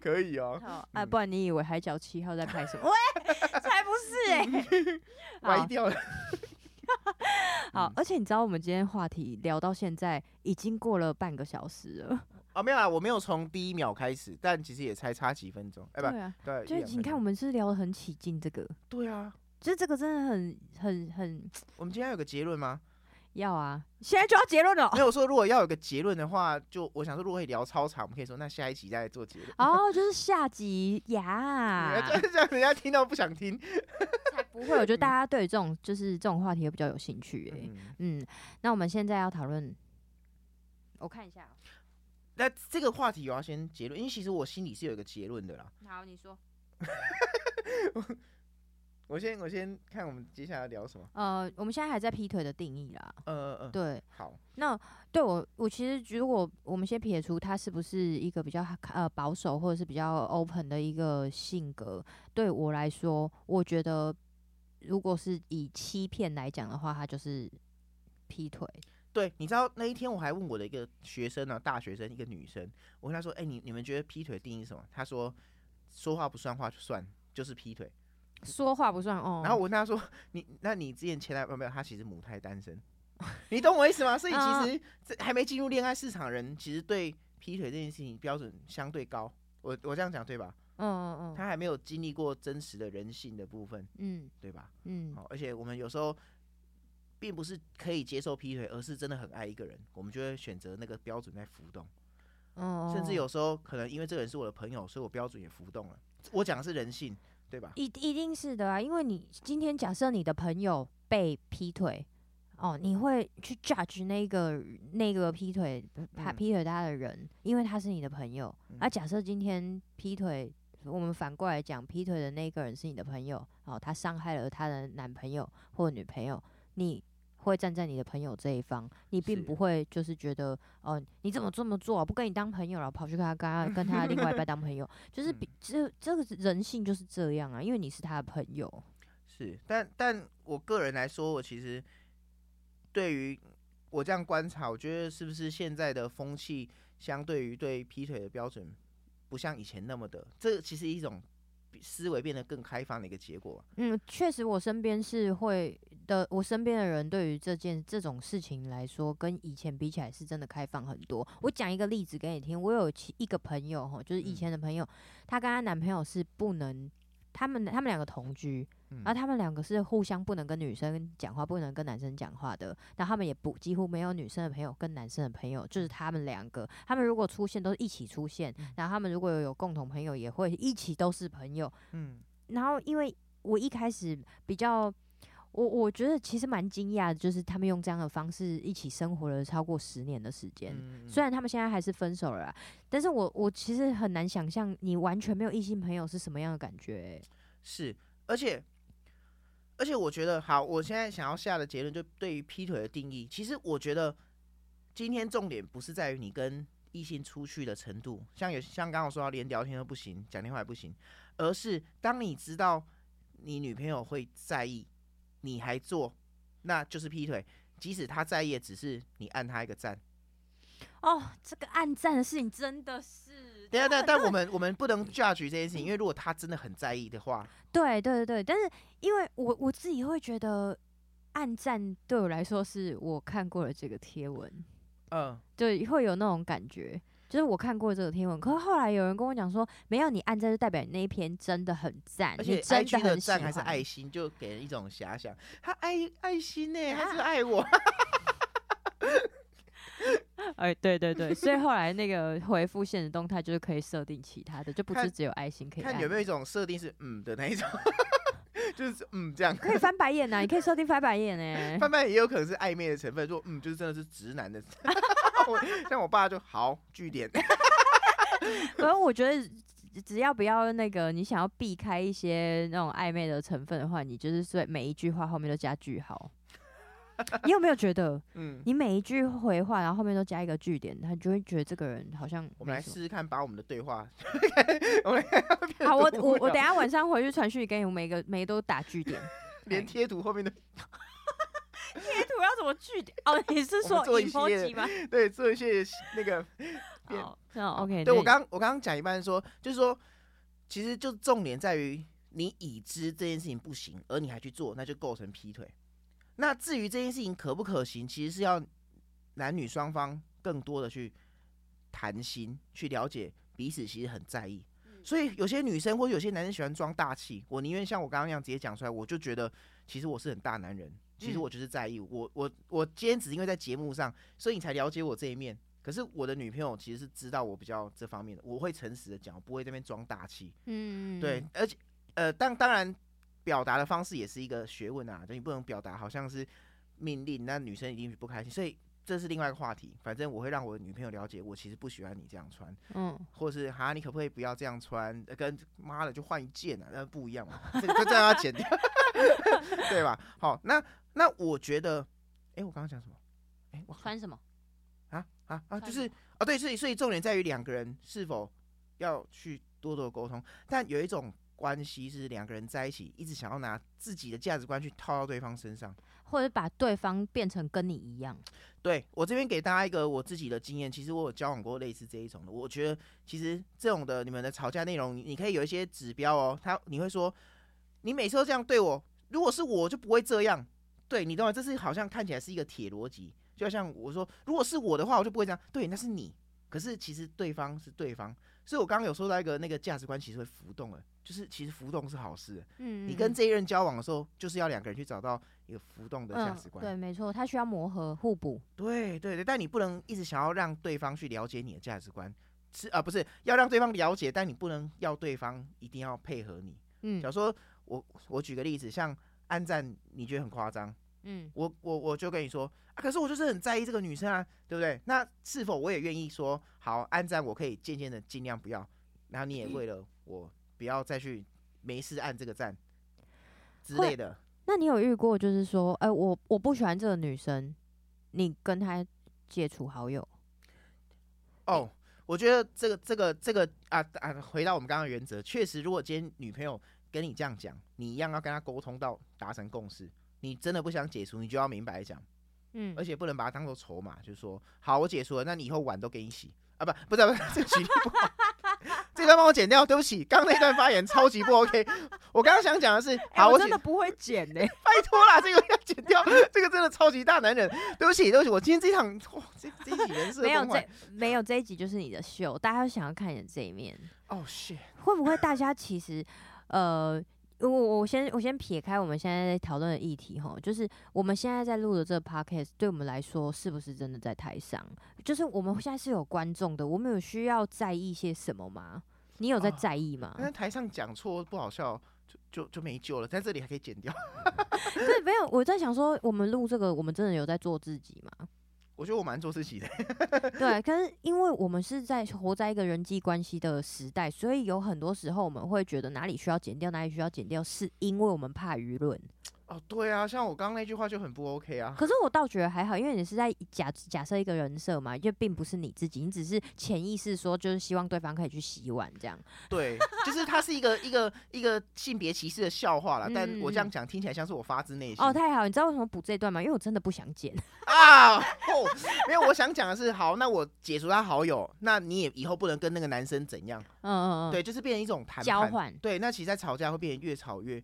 可以哦，好，哎，不然你以為海角七號在拍什麼？喂，才不是哎，壞掉了。好，而且你知道我們今天話題聊到現在已經過了半個小時了。啊，沒有啊，我沒有從第一秒開始，但其實也才差幾分鐘。哎，不，對，所以你看我們是聊得很起勁，這個對啊，就是這個真的很很很。我們今天有個結論嗎？要啊，現在就要結論了、喔。沒有說，如果要有個結論的話，就我想說，如果可以聊超長，我們可以說那下一集再做結論。哦，oh, 就是下集呀，yeah. 就這樣，人家聽到不想聽，才不會。 我覺得大家對這種、嗯、就是這種話題也比較有興趣哎、欸，嗯，嗯，那我們現在要討論，我看一下、喔。那這個話題我要先結論，因為其實我心裡是有一個結論的啦。好，你說。 我先我先看我們接下來聊什麼。呃，我們現在還在劈腿的定義啦。嗯嗯嗯。對。好，那對我我其實如果我們先撇除他是不是一個比較呃保守或者是比較 open 的一個性格，對我來說，我覺得如果是以欺騙來講的話，他就是劈腿。對，你知道那一天我還問我的一個學生呢、啊，大學生一個女生，我跟她說：“哎、欸，你你們覺得劈腿定義什麼？”她說：“說話不算話就算，就是劈腿。”說話不算哦。然後我問他說：“你，那你之前前男友沒有？他其實母胎單身， 你懂我意思嗎？所以其實這還沒進入戀愛市場的人，哦、其實對劈腿這件事情標準相對高。我我這樣講對吧？嗯嗯嗯。他還沒有經歷過真實的人性的部分，嗯，對吧？嗯。而且我們有時候並不是可以接受劈腿，而是真的很愛一個人，我們就會選擇那個標準在浮動。嗯嗯，甚至有時候可能因為這個人是我的朋友，所以我標準也浮動了。我講的是人性。”一一定是的啊，因為你今天假設你的朋友被劈腿，哦，你會去 judge 那個那個劈腿他劈腿他的人，嗯、因為他是你的朋友。那、嗯啊、假設今天劈腿，我們反過來講，劈腿的那個人是你的朋友，哦，他傷害了他的男朋友或女朋友，你。會站在你的朋友這一方，你並不會就是覺得，哦是、呃，你怎麼這麼做？不跟你當朋友了，跑去跟他、跟他、跟他、跟他另外一半當朋友， 就是比、嗯、這這個人性就是這樣啊，因為你是他的朋友。是，但但我個人來說，我其實對於我這樣觀察，我覺得是不是現在的風氣，相對於對劈腿的標準，不像以前那麼的，這其實一種。比思維變得更開放的一個結果。嗯，確實，我身邊是會的，我身邊的人對於這件這種事情來說，跟以前比起來是真的開放很多。我講一個例子給你聽，我有其一個朋友吼，就是以前的朋友，她、嗯、跟她男朋友是不能。他們他們兩個同居，然後他們兩個是互相不能跟女生講話，不能跟男生講話的。然後他們也不幾乎沒有女生的朋友跟男生的朋友，就是他們兩個，他們如果出現都是一起出現。然後他們如果有，有共同朋友，也會一起都是朋友。嗯，然後因為我一開始比較。我我覺得其實蠻驚訝的，就是他們用這樣的方式一起生活了超過十年的時間。嗯、雖然他們現在還是分手了，但是我我其實很難想象，你完全沒有異性朋友是什麼樣的感覺、欸。是，而且而且我覺得，好，我現在想要下的結論，就對於劈腿的定義，其實我覺得今天重點不是在於你跟異性出去的程度，像有像剛剛我說到，連聊天都不行，講電話也不行，而是當你知道你女朋友會在意。你還做，那就是劈腿。即使他在意，也只是你按他一個讚。哦，這個按讚的事情真的是……對啊，對，嗯、但我們我們不能 judge 這件事情，嗯、因為如果他真的很在意的話，對對對，但是因為我我自己會覺得按讚對我來說是我看過了這個貼文，嗯，對，會有那種感覺。就是我看過這個貼文，可是後來有人跟我講說，沒有你按讚就代表你那一篇真的很讚，而且真的很讚還是愛心，就給人一種遐想。他愛愛心呢、欸，Yeah. 他是愛我。哎 、欸，對對對，所以後來那個回復限時的動態就是可以設定其他的，就不是只有愛心可以看。看有沒有一種設定是嗯的那一種， 就是嗯，這樣可以翻白眼呢、啊？你可以設定翻白眼呢、欸。翻白眼也有可能是曖昧的成分，如果嗯，就是真的是直男的。 像我爸就好句點，所 以 我覺得只要不要那個，你想要避開一些那種曖昧的成分的話，你就是說每一句話後面都加句號。 你有沒有覺得，嗯，你每一句回話然後後面都加一個句點，他就會覺得這個人好像……我們來試試看，把我們的對話， 好，我我我等一下晚上回去傳訊給你每，每個每都打句點， 連貼圖後面都、哎。貼圖要怎麼去哦，oh, 你是說 做一些，嗎？對，做一些那個。好，OK。對我剛我剛剛講一半說，就是說，其實就重點在於你已知這件事情不行，而你還去做，那就構成劈腿。那至於這件事情可不可行，其實是要男女雙方更多的去談心，去了解彼此，其實很在意。所以有些女生或者有些男生喜歡裝大氣，我寧願像我剛剛那樣直接講出來，我就覺得其實我是很大男人，其實我就是在意、嗯、我我我今天只是因為在節目上，所以你才了解我這一面。可是我的女朋友其實是知道我比較這方面的，我會誠實的講，我不會在那邊裝大氣。嗯，對，而且呃，當當然表達的方式也是一個學問啊，就你不能表達好像是命令，那女生一定不開心，所以。這是另外一個話題，反正我會讓我女朋友了解，我其實不喜歡你這樣穿，嗯，或是哈，你可不可以不要這樣穿？呃、跟媽的就換一件啊，那不一樣嘛， 這個就這樣要剪掉， 對吧？好，那那我覺得，哎、欸，我剛剛講什麼？我、欸、穿什麼？啊啊啊！啊啊就是啊，對，所以所以重點在於兩個人是否要去多多溝通。但有一種關係是兩個人在一起，一直想要拿自己的價值觀去套到對方身上。或者把對方變成跟你一樣。對，我這邊給大家一個我自己的經驗，其實我有交往過類似這一種的。我覺得其實這種的你們的吵架內容你，你可以有一些指標哦。他你會說，你每次都這樣對我，如果是我就不會這樣。對，你懂嗎？這是好像看起來是一個鐵邏輯，就像我說，如果是我的話，我就不會這樣。對，那是你，可是其實對方是對方。所以我剛剛有說到一個那個價值觀其實會浮動的，就是其實浮動是好事的。嗯，嗯，嗯，你跟這一任交往的時候，就是要兩個人去找到一個浮動的價值觀。嗯、對，沒錯，他需要磨合互補。對對對，但你不能一直想要讓對方去了解你的價值觀，是啊、呃，不是要讓對方了解，但你不能要對方一定要配合你。嗯，假如說我我舉個例子，像按讚，你覺得很誇張。嗯，我我我就跟你說，啊，可是我就是很在意這個女生啊，對不對？那是否我也願意說好，按讚，我可以漸漸的盡量不要，然後你也為了我不要再去沒事按這個讚之類的。那你有遇過就是說，哎、欸，我我不喜歡這個女生，你跟她解除好友？哦，我覺得這個這個這個啊啊，回到我們剛剛的原則，確實，如果今天女朋友跟你這樣講，你一樣要跟她溝通到達成共識。你真的不想解除，你就要明白講，嗯，而且不能把它當做籌碼，就說好，我解除了，那你以後碗都給你洗啊，不，不對，啊，不對，這好這段幫我剪掉，對不起，剛剛那段發言超級不 OK， 我剛剛想講的是，好，欸，我真的不會剪呢、欸。 拜託啦，這個要剪掉， 這個真的超級大男人，對不起，對不起，我今天這一場這一這一集人設沒有這沒有這一集就是你的秀，大家想要看你的這一面哦，是、oh、shit, 會不會大家其實 呃。我我先我先撇開我們現在在討論的議題齁，就是我們現在在錄的這個 podcast 對我們來說是不是真的在台上？就是我們現在是有觀眾的，我們有需要在意些什麼嗎？你有在在意嗎？那、哦、台上講錯不好笑就就就沒救了，在這裡還可以剪掉。對， 沒有，我在想說，我們錄這個，我們真的有在做自己嗎？我覺得我蠻做自己的對、啊，對，可是因為我們是在活在一個人際關係的時代，所以有很多時候我們會覺得哪裡需要剪掉，哪裡需要剪掉，是因為我們怕輿論。哦，對啊，像我剛剛那句話就很不 OK 啊。可是我倒覺得還好，因為你是在假假設一個人設嘛，就並不是你自己，你只是潛意識說就是希望對方可以去洗碗這樣。對，就是他是一個 一個一個性別歧視的笑話了。嗯，但我這樣講聽起來像是我發自內心。哦，太好，你知道為什麼補這段嗎？因為我真的不想剪啊。 哦，沒有，我想講的是，好，那我解除他好友，那你也以後不能跟那個男生怎樣？嗯嗯嗯。對，就是變成一種談判。交換。對，那其實在吵架會變成越吵越。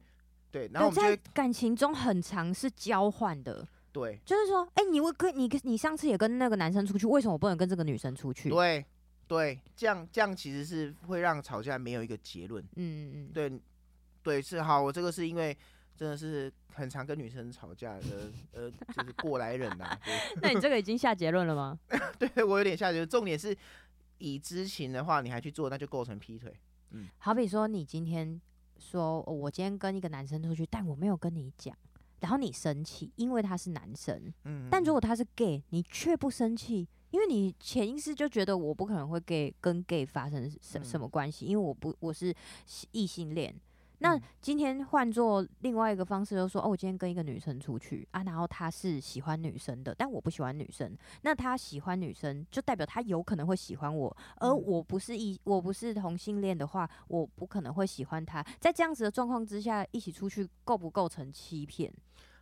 對，然後在感情中很常是交換的，對，就是說，哎、欸，你我跟你你，你上次也跟那個男生出去，為什麼我不能跟這個女生出去？對，對，這樣這樣其實是會讓吵架沒有一個結論。嗯嗯，對，對是好，我這個是因為真的是很常跟女生吵架的、 呃，呃，就是過來人吶、啊。 那你這個已經下結論了嗎？ 對，我有點下結論。重點是，已知情的話你還去做，那就構成劈腿。嗯，好比說你今天，說我今天跟一個男生出去，但我沒有跟你講，然後你生氣，因為他是男生。嗯，但如果他是 gay，你卻不生氣，因為你潛意識就覺得我不可能會 gay 跟 gay 發生什什麼關係，因為我不我是異性戀。那今天換做另外一個方式就是，就說哦，我今天跟一個女生出去啊，然後她是喜歡女生的，但我不喜歡女生。那她喜歡女生，就代表她有可能會喜歡我，而我不是異，我不是同性戀的話，我不可能會喜歡她。在這樣子的狀況之下，一起出去構不構成欺騙？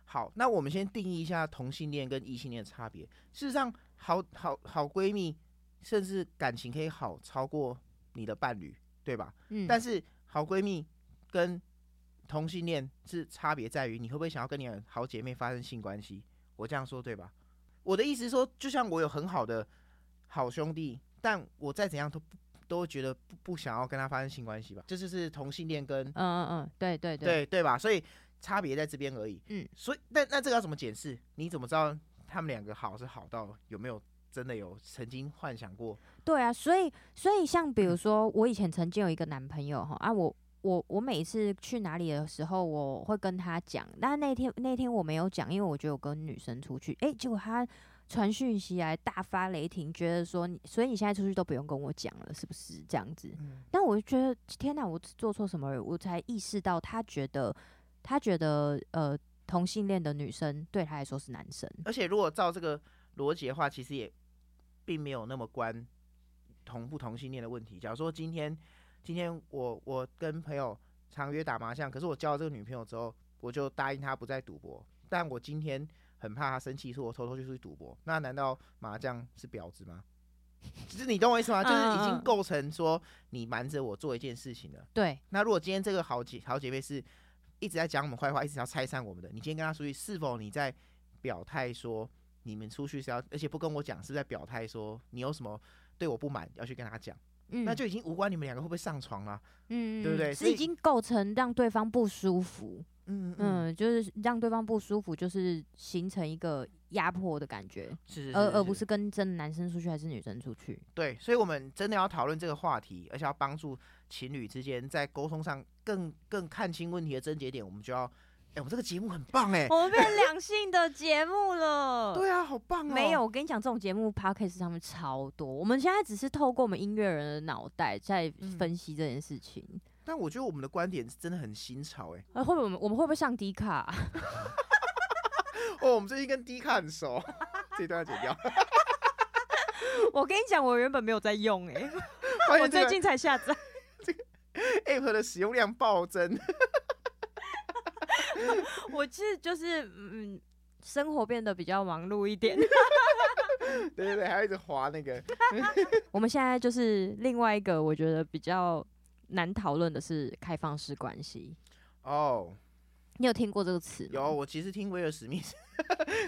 好，那我們先定義一下同性戀跟異性戀的差別。事實上，好好好閨蜜，甚至感情可以好超過你的伴侶，對吧？嗯，但是好閨蜜。跟同性戀是差別在於，你會不會想要跟你好姐妹發生性關係？我這樣說對吧？我的意思是說，就像我有很好的好兄弟，但我再怎樣都都覺得不不想要跟他發生性關係吧？這就，就是同性戀跟嗯嗯嗯，對對對對，對吧？所以差別在這邊而已。嗯，所以那那這個要怎麼解釋？你怎麼知道他們兩個好是好到有沒有真的有曾經幻想過？對啊，所以所以像比如說， 我以前曾經有一個男朋友哈啊我。我我每次去哪裡的時候，我會跟他講，但那天那天我沒有講，因為我覺得我跟女生出去，哎、欸，結果他傳訊息來大發雷霆，覺得說你，所以你現在出去都不用跟我講了，是不是這樣子？嗯、但我就覺得天吶、啊，我做錯什麼？我才意識到他，他覺得他覺得呃，同性戀的女生對他來說是男生，而且如果照這個邏輯的話，其實也並沒有那麼關同不同性戀的問題。假如說今天。今天我我跟朋友常約打麻將，可是我交了這個女朋友之後，我就答應她不再賭博。但我今天很怕她生氣，說我偷偷就出去賭博。那難道麻將是婊子嗎？其實 你懂我意思嗎？就是已經構成說你瞞着我做一件事情了。對、嗯嗯。那如果今天這個好姐好姐妹是一直在講我們壞話，一直要拆散我們的，你今天跟她出去，是否你在表態說你們出去是要，而且不跟我講，是，是在表態說你有什麼對我不滿要去跟她講？那就已經無關你們兩個會不會上床了，嗯，對不對？是已經構成讓對方不舒服，嗯嗯、嗯，就是讓對方不舒服，就是形成一個壓迫的感覺，是、是、是、是而而不是跟真的男生出去還是女生出去？對，所以，我們真的要討論這個話題，而且要幫助情侶之間在溝通上更更看清問題的症結點，我們就要。哎、欸，我們這個節目很棒哎、欸，我們變兩性的節目了。 對啊，好棒啊、喔！沒有，我跟你講，這種節目 podcast 上面超多。我們現在只是透過我們音樂人的腦袋在分析這件事情、嗯。但我覺得我們的觀點是真的很新潮哎、欸。哎、呃、會不會我們我們會不會上 D 卡、啊？ 哦，我們最近跟 D 卡很熟，這段要剪掉。 我跟你講，我原本沒有在用哎、欸， 我最近才下載 這個 app 的使用量暴增。 我其實就是嗯，生活變得比較忙碌一點。 對對對，還一直滑那個。 我們現在就是另外一個我覺得比較難討論的是開放式關係。哦，oh, 你有聽過這個詞嗎？有，我其實聽威爾史密斯。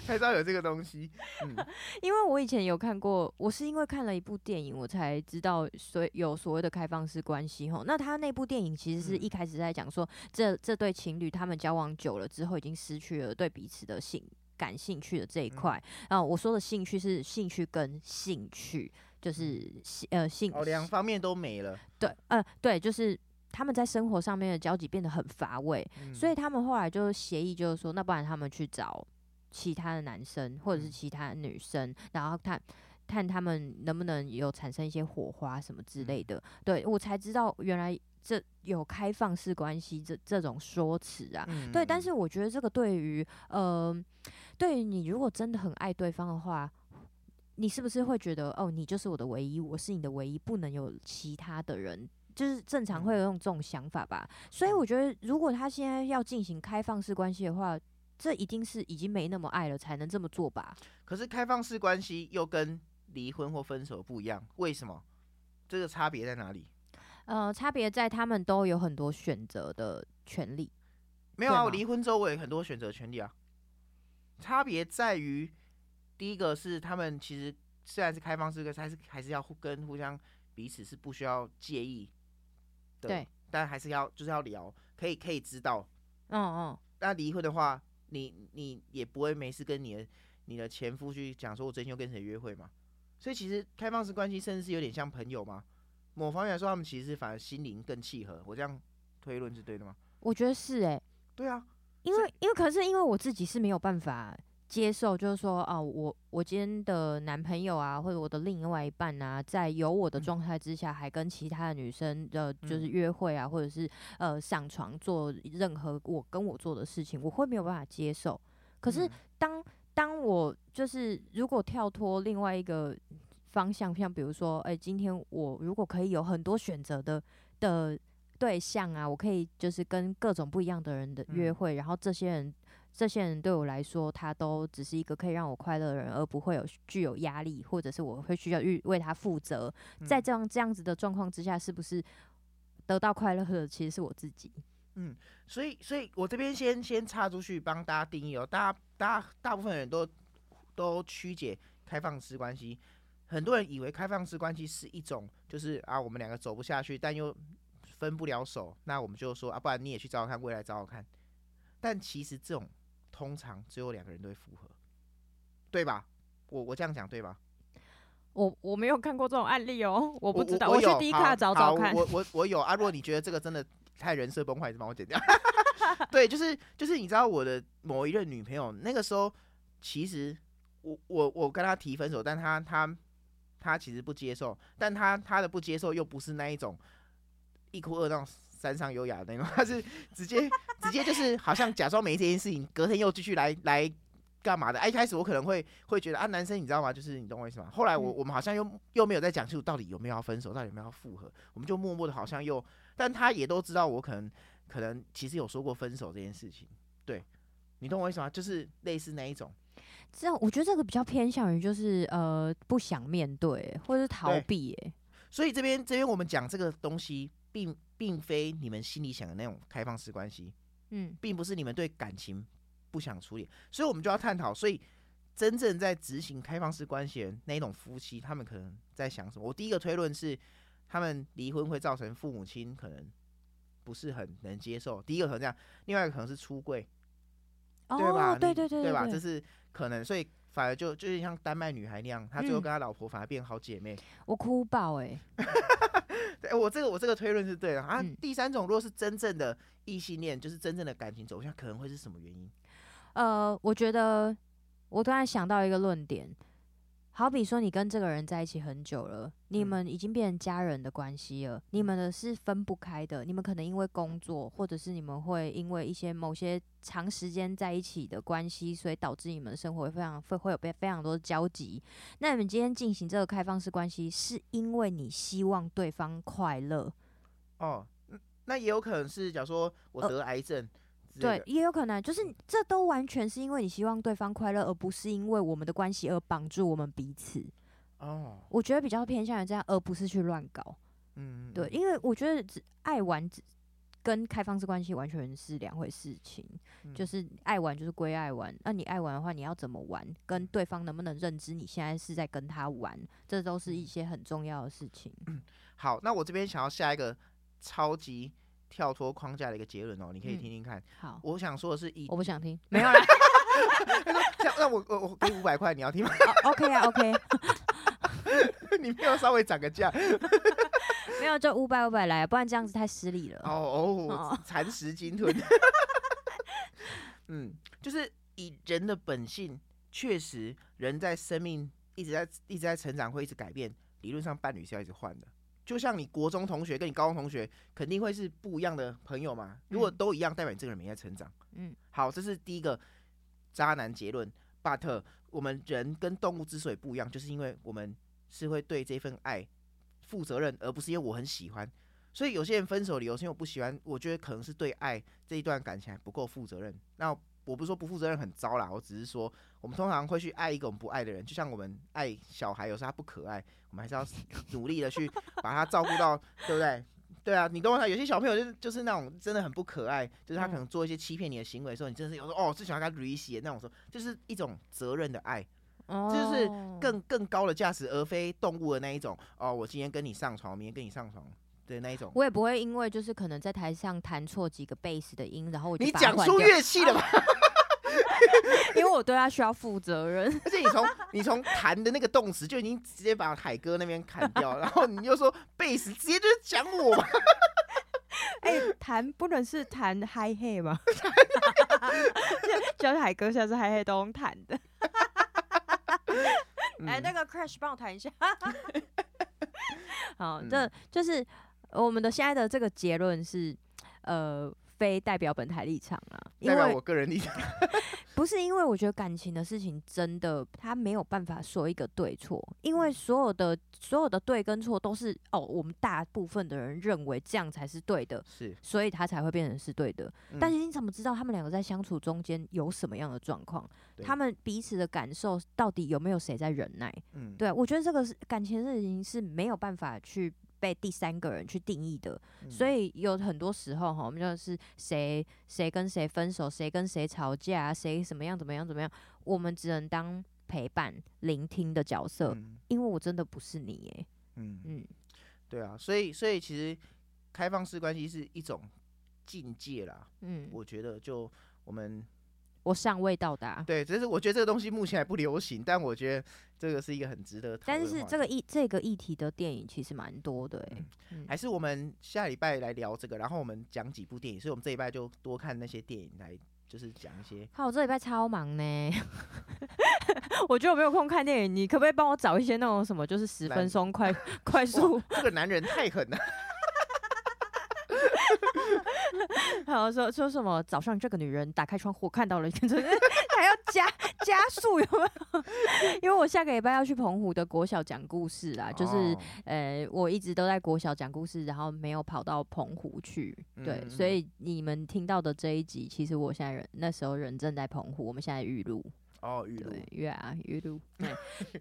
拍照 有這個東西、嗯， 因為我以前有看過，我是因為看了一部電影，我才知道所有所謂的開放式關係吼。那他那部電影其實是一開始在講說，這這對情侶他們交往久了之後，已經失去了對彼此的性感興趣的這一塊啊。我說的興趣是興趣跟興趣，就是、嗯嗯、呃性兩、哦、方面都沒了。對，嗯，對，就是他們在生活上面的交集變得很乏味，所以他們後來就協議就是說，那不然他們去找。其他的男生或者是其他的女生，嗯、然後看看他們能不能有產生一些火花什麼之類的。嗯、對，我才知道原來這有開放式關係這這種說辭啊。嗯、對，但是我覺得這個對於嗯、呃，對於你如果真的很愛對方的話，你是不是會覺得哦，你就是我的唯一，我是你的唯一，不能有其他的人，就是正常會有這種想法吧。嗯、所以我覺得如果他現在要進行開放式關係的話。這一定是已經沒那麼愛了，才能這麼做吧？可是開放式關係又跟離婚或分手不一樣，為什麼？這個差別在哪裡？呃，差別在他們都有很多選擇的權利。沒有、啊、對嗎？離婚，周圍有很多選擇權利啊。差別在於，第一個是他們其實雖然是開放式，可是還是還是要互跟互相彼此是不需要介意的。對，但還是要就是要聊，可以可以知道。嗯嗯、哦哦，那離婚的話。你你也不會沒事跟你的你的前夫去講說我最近又跟誰約會嗎？所以其實開放式關係甚至是有點像朋友嗎？某方面來說，他們其實反而心靈更契合。我這樣推論是對的嗎？我覺得是哎、欸。對啊，因為是因為可是因為我自己是沒有辦法、啊。接受就是說啊，我我今天的男朋友啊，或者我的另外一半啊，在有我的狀態之下，還跟其他的女生的，就是約會啊，或者是呃上床做任何我跟我做的事情，我會沒有辦法接受。可是當當我就是如果跳脫另外一個方向，像比如說，欸，今天我如果可以有很多選擇的的對象啊，我可以就是跟各種不一樣的人的約會，然後這些人。這些人對我來說，他都只是一個可以讓我快樂的人，而不會有具有壓力，或者是我會需要為他負責。嗯、在這樣這樣子的狀況之下，是不是得到快樂的，其實是我自己。嗯，所以，所以我這邊先先插出去幫大家定義哦、喔，大家，大家大部分人都都曲解開放式關係，很多人以為開放式關係是一種，就是啊，我們兩個走不下去，但又分不了手，那我們就說啊，不然你也去找找看未來找找看。但其實這種。通常只有兩個人都會復合，對吧？我我這樣講對吧？我我沒有看過這種案例哦、喔，我不知道，我，我，我，我去 D 卡找找看。我我我有啊、 啊、如果你覺得這個真的太人設崩壞，就幫我剪掉。對，就是就是，你知道我的某一任女朋友，那個時候其實我我我跟她提分手，但她她她其實不接受，但她她的不接受又不是那一種一哭二鬧山上優雅的那種，他是直接直接，就是好像假裝沒這件事情，隔天又繼續來來幹嘛的。哎，一開始我可能會會覺得啊，男生你知道嗎？就是你懂我意思嗎？後來我我們好像又又沒有在講述到底有沒有要分手，到底有沒有要復合，我們就默默的好像又，但他也都知道我可能可能其實有說過分手這件事情，對，你懂我意思嗎？就是類似那一種。這樣我覺得這個比較偏向於就是呃不想面對或者是逃避，所以這邊這邊我們講這個東西並。並非你們心裡想的那種開放式關係，嗯，並不是你們對感情，不想處理，所以我們就要探討。所以真正在執行開放式關係的那一種夫妻，他們可能在想什麼？我第一個推論是，他們離婚會造成父母親可能不是很能接受。第一個可能這樣，另外一個可能是出櫃，哦、對吧？對對對對，對吧？這、就是可能，所以反而就就是像丹麥女孩那樣，她最後跟她老婆反而變成好姐妹。嗯、我哭爆哎、欸！ 對，我這個我這個推論是對的好像、啊嗯、第三種，如果是真正的異性戀，就是真正的感情走向，可能會是什麼原因？呃，我覺得我突然想到一個論點。好比說，你跟這個人在一起很久了，你們已經變成家人的關係了，嗯、你們的是分不開的。你們可能因為工作，或者是你們會因為一些某些長時間在一起的關係，所以導致你們生活非常會會有非常多的交集。那你們今天進行這個開放式關係，是因為你希望對方快樂？哦，那也有可能是，假如說我得癌症。呃對，也有可能、啊，就是這都完全是因為你希望對方快樂，而不是因為我們的關係而綁住我們彼此。哦，oh, 我覺得比較偏向於這樣，而不是去亂搞。嗯，對，因為我覺得愛玩跟開放式關係完全是兩回事情。情、嗯、就是愛玩，就是歸愛玩。那你愛玩的話，你要怎麼玩？跟對方能不能認知你現在是在跟他玩，這都是一些很重要的事情。嗯、好，那我這邊想要下一個超級。跳脫框架的一個結論哦，你可以聽聽看。嗯、好，我想說的是以，一我不想聽， 沒有了。 那那我我我給五百塊，啊、你要聽嗎？oh？OK 啊，OK。 你沒有稍微漲個價。 沒有，就五百五百來，不然這樣子太失禮了。哦哦，蠶食鯨吞。 嗯，就是以人的本性，確實，人在生命一直在一直在成長，會一直改變。理論上，伴侶是要一直換的。就像你國中同學跟你高中同學肯定會是不一樣的朋友嘛，如果都一樣，代表你這個人沒在成長。嗯，好，這是第一個渣男結論。but 我們人跟動物之所以不一樣，就是因為我們是會對這份愛負責任，而不是因為我很喜歡。所以有些人分手理由是因為我不喜歡，我覺得可能是對愛這一段感情還不夠負責任。那我，我不是說不負責任很糟啦，我只是說。我們通常會去愛一個我們不愛的人，就像我們愛小孩，有時候他不可愛，我們還是要努力的去把他照顧到， 對不對？對啊，你都問他，有些小朋友就是就是那種真的很不可愛，就是他可能做一些欺騙你的行為的時候，你真的是有時候哦，最想要他理血那種時候，就是一種責任的愛，哦，這就是更更高的價值，而非動物的那一種。哦，我今天跟你上床，我明天跟你上床的那一種。我也不會因為就是可能在台上彈錯幾個貝斯的音，然後我就你講出樂器了嗎？哦 因為我對他需要負責任，而且你從你從彈的那個動詞就已經直接把海哥那邊砍掉， 然後你又說貝斯直接就是講我，哎、 欸，彈不能是彈嗨黑嗎？就是海哥，現在是嗨黑都用彈的。哎、 欸，那個 crash 幫我彈一下。 好，嗯、這就是我們的現在的這個結論是，呃。非代表本台立場啊，因為代表我個人立場。 不是因為我覺得感情的事情真的他沒有辦法說一個對錯，因為所有的所有的對跟錯都是哦，我們大部分的人認為這樣才是對的，是所以他才會變成是對的。嗯、但是你怎麼知道他們兩個在相處中間有什麼樣的狀況？對他們彼此的感受到底有沒有誰在忍耐？嗯，對、啊，我覺得這個是感情的事情是沒有辦法去。被第三個人去定義的，所以有很多時候哈，我們就是誰誰跟誰分手，誰跟誰吵架，誰怎麼樣怎麼樣怎麼樣，我們只能當陪伴、聆聽的角色，嗯、因為我真的不是你耶。嗯嗯，嗯對啊，所以所以其實開放式關係是一種境界啦，嗯，我覺得就我們。我尚未到達。對，只是我覺得這個東西目前還不流行，但我覺得這個是一個很值得討論的話題。但是這個議這個議題的電影其實蠻多的、欸嗯，還是我們下禮拜來聊這個，然後我們講幾部電影，所以我們這禮拜就多看那些電影來，就是講一些。好，我這禮拜超忙呢， 我覺得我沒有空看電影，你可不可以幫我找一些那種什麼，就是十分鐘快快速男？ 這個男人太狠了。好像說說什麼早上這個女人打開窗戶看到了，一個真的還要加加速有沒有？因為我下個禮拜要去澎湖的國小講故事啊，就是呃、哦欸、我一直都在國小講故事，然後沒有跑到澎湖去。對，嗯、所以你們聽到的這一集，其實我現在人那時候人正在澎湖，我們現在預錄哦，預錄對，預啊預錄。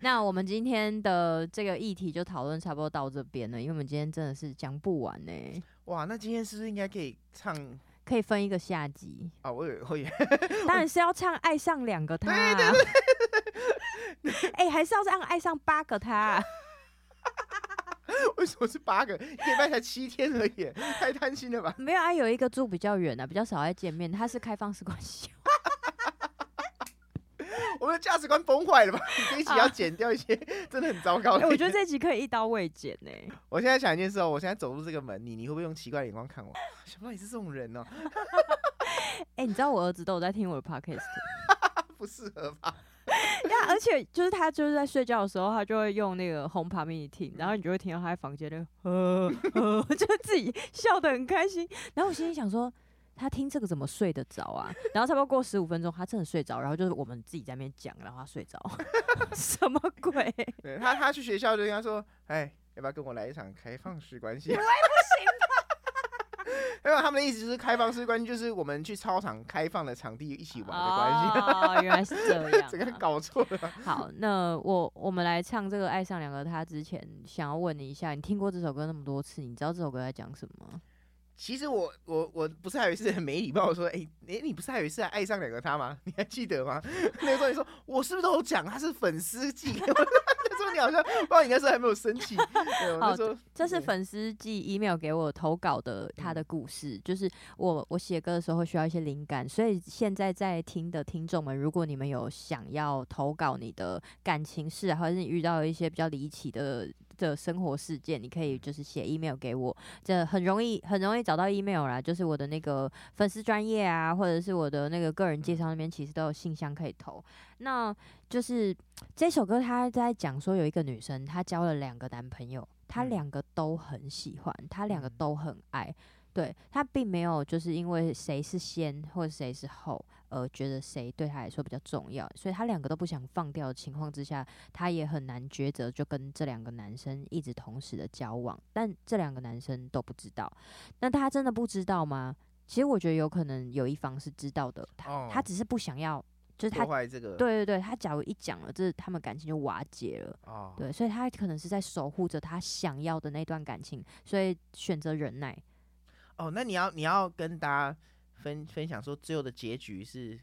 那我們今天的這個議題就討論差不多到這邊了，因為我們今天真的是講不完呢、欸。哇，那今天是不是應該可以唱？可以分一個下集。啊！我也會，以當然是要唱愛上兩個他、啊。哎、 欸，還是要唱愛上八個他、啊。 為什麼是八個？一禮拜才七天而已，太貪心了吧？沒有啊，有一個住比較遠啊，比較少在見面，他是開放式關係。我的價值觀崩壞了吧？你這一集要剪掉一些，啊，真的很糟糕欸。我覺得這集可以一刀未剪呢，欸。我現在想一件事哦，我現在走入這個門，你你會不會用奇怪的眼光看我？想不到你是這種人哦，喔。哎、 欸，你知道我兒子都有在聽我的 podcast。 不適合吧，啊？而且就是他就是在睡覺的時候，他就會用那個 HomePod mini 聽，am, 然後你就會聽到他在房間裡呵呵，就自己笑得很開心。然後我心裡想說。他聽這個怎麼睡得着啊？然後差不多過十五分鐘，他真的睡着。然後就是我們自己在那邊講，然後他睡着。 什麼鬼？對他他去學校就跟他說，哎，要不要跟我來一場開放式關係？我也不行吧？沒有，他們的意思是開放式關係，就是我們去操場開放的場地一起玩的關係。哦 ，oh, 原來是這樣啊，這 個搞錯了。好，那我我們來唱這個《愛上兩個他》之前，想要問你一下，你聽過這首歌那麼多次，你知道這首歌在講什麼？其實我我我不是還以為是很沒禮貌，我說哎誒、欸欸，你不是還以為是愛上兩個他嗎？你還記得嗎？ 那個時候你說我是不是都有講他是粉絲寄？他 說你好像，不知道你那時候還沒有生氣。 對，我就說，這是粉絲寄 email 給我投稿的他的故事，嗯、就是我我寫歌的時候會需要一些靈感，所以現在在聽的聽眾們，如果你們有想要投稿你的感情事，或者是你遇到一些比較離奇的。的生活事件，你可以就是寫 email 給我，這很容易，很容易找到 email 啦。就是我的那個粉絲專業啊，或者是我的那個個人介紹那邊，其實都有信箱可以投。那就是這首歌，他在講說有一個女生，她交了兩個男朋友，他兩個都很喜歡，他、嗯、兩個都很愛，對他並沒有就是因為誰是先或者誰是後。呃，覺得誰對他來說比較重要，所以他兩個都不想放掉的情況之下，他也很難抉擇，就跟這兩個男生一直同時的交往。但這兩個男生都不知道，那他真的不知道嗎？其實我覺得有可能有一方是知道的，他，他只是不想要，哦、就是他、破壞這個、對對對，他假如一講了，這、就是、他們感情就瓦解了。哦、對，所以他可能是在守護着他想要的那段感情，所以選擇忍耐。哦，那你要你要跟大家。分分享說最後的結局是，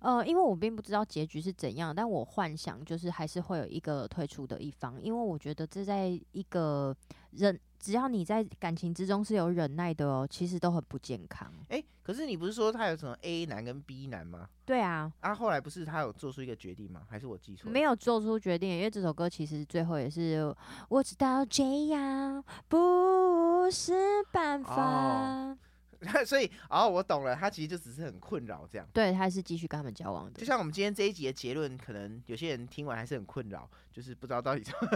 呃，因為我並不知道結局是怎樣，但我幻想就是還是會有一個退出的一方，因為我覺得這在一個人只要你在感情之中是有忍耐的哦，其實都很不健康。哎，可是你不是說他有什麼 A 男跟 B 男嗎？對啊，啊，後來不是他有做出一個決定嗎？還是我記錯？沒有做出決定，因為這首歌其實最後也是我知道這樣不是辦法。哦。 所以，哦，我懂了，他其實就只是很困擾這樣。對，他是繼續跟他們交往的。就像我們今天這一集的結論，可能有些人聽完還是很困擾，就是不知道到底怎麼。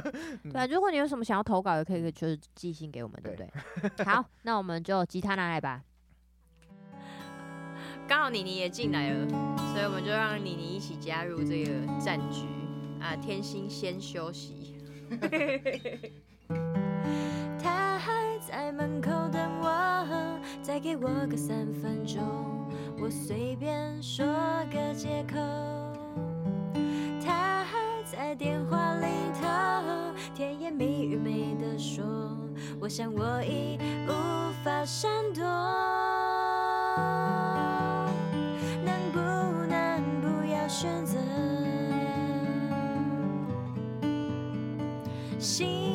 嗯、對、啊，如果你有什麼想要投稿的，可以就是寄信給我們，對不對？對好， 那我們就吉他拿來吧。剛好妮妮也進來了，所以我們就讓妮妮一起加入這個戰局。啊，天心先休息。 他還在門口等我。再給我個三分鐘，我隨便說個借口。他還在電話裡頭，甜言蜜語沒得說，我想我已無法閃躲。能不能不要選擇？心。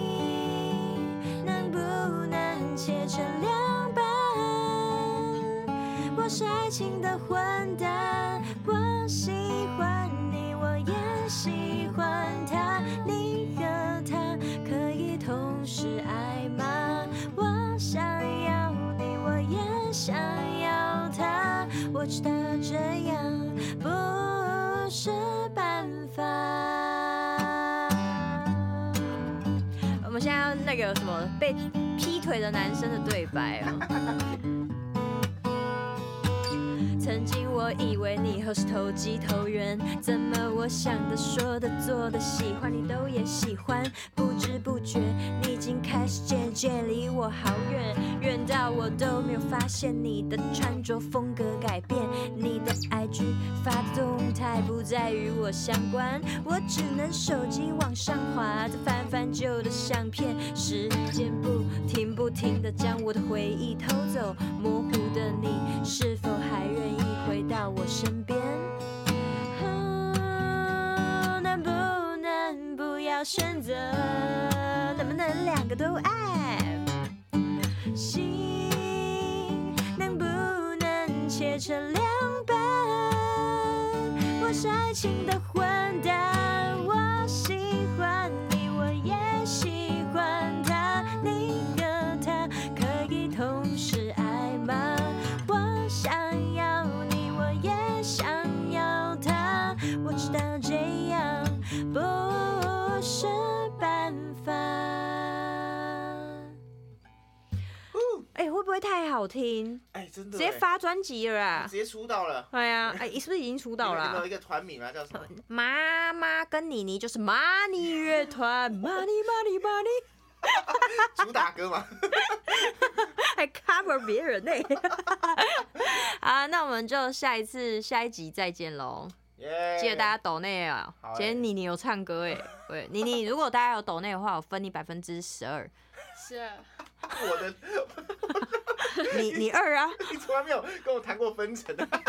是愛情的混蛋，我喜歡你，我也喜歡他，你和他可以同時愛嗎？我想要你，我也想要他，我知道這樣不是辦法。 我們現在要那個什麼被劈腿的男生的對白哦。 曾經我以為你和我是投機投緣，怎麼我想的說的做的喜歡你都也喜歡，不知不覺你已經開始漸漸離我好遠，遠到我都沒有發現你的穿着風格改變，你的 IG 發的動、動態不再與我相關，我只能手機往上滑再翻翻舊的相片，時間不停不停的將我的回憶偷走，模糊的你是否還願意？我身邊，oh, 能不能不要選擇？能不能兩個都愛？心能不能切成兩半？我是愛情的混蛋。哎、欸，會不會太好聽？哎、欸，真的、欸，直接發專輯了，直接出道了。哎呀、啊，哎、欸，你是不是已經出道了、啊？你有一個團名啊，叫什麼？媽媽跟妮妮就是 Money 樂團 ，Money Money Money， 主打歌嘛。還 cover 別人呢、欸！啊， 那我們就下一次下一集再見嘍。耶！Yeah, 記得大家抖內啊。嘞今天妮妮有唱歌哎、欸，喂， 妮妮如果大家有抖內的話，我分你百分之十二。是、啊。 我的，我的 你你二啊？ 你從來沒有跟我談過分成哎、啊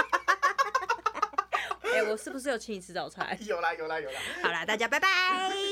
欸，我是不是有請你吃早餐？有啦有啦有啦。有啦有啦 好啦，大家拜拜。